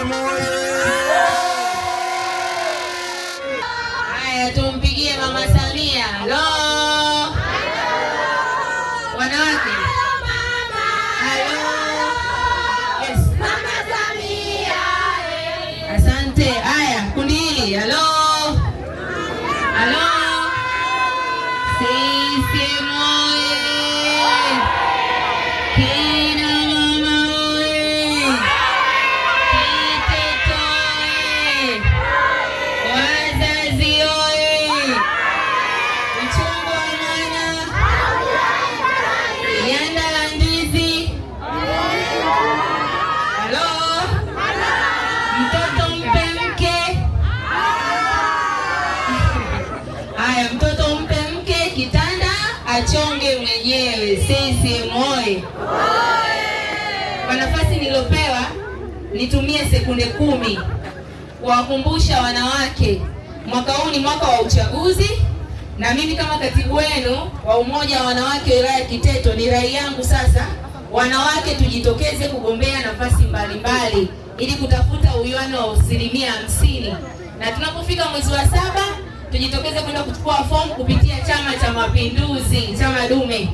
CCM Haya, tumpigie Mama Samia wanawake. Eh. Asante. Haya, kundi hili halo haya, mtoto mpe mke kitanda achonge mwenyewe. sisi moye Kwa nafasi nilopewa, nitumie sekunde kumi kuwakumbusha wanawake, mwaka huu ni mwaka wa uchaguzi, na mimi kama katibu wenu wa umoja wa wanawake wilaya ya Kiteto, ni rai yangu sasa, wanawake tujitokeze kugombea nafasi mbalimbali ili kutafuta uwiano wa asilimia hamsini na tunapofika mwezi wa saba tujitokeze kwenda kuchukua fomu kupitia Chama cha Mapinduzi, chama dume.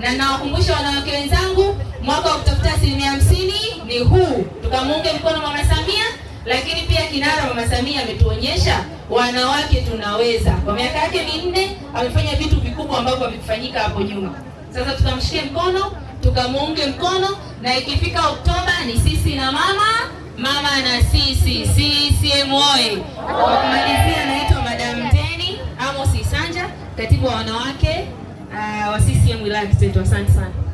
Na nawakumbusha wanawake wenzangu, mwaka wa kutafuta asilimia hamsini ni huu, tukamuunge mkono mama Samia. Lakini pia kinara mama Samia ametuonyesha wanawake tunaweza. Kwa miaka yake minne amefanya vitu vikubwa ambavyo havifanyika hapo nyuma. Sasa tukamshike mkono, tukamuunge mkono, na ikifika Oktoba ni sisi na mama, mama na sisi, CCM oye! Kwa kumalizia katibu wa wanawake uh, wa CCM wilaya Kiteto. Asante sana.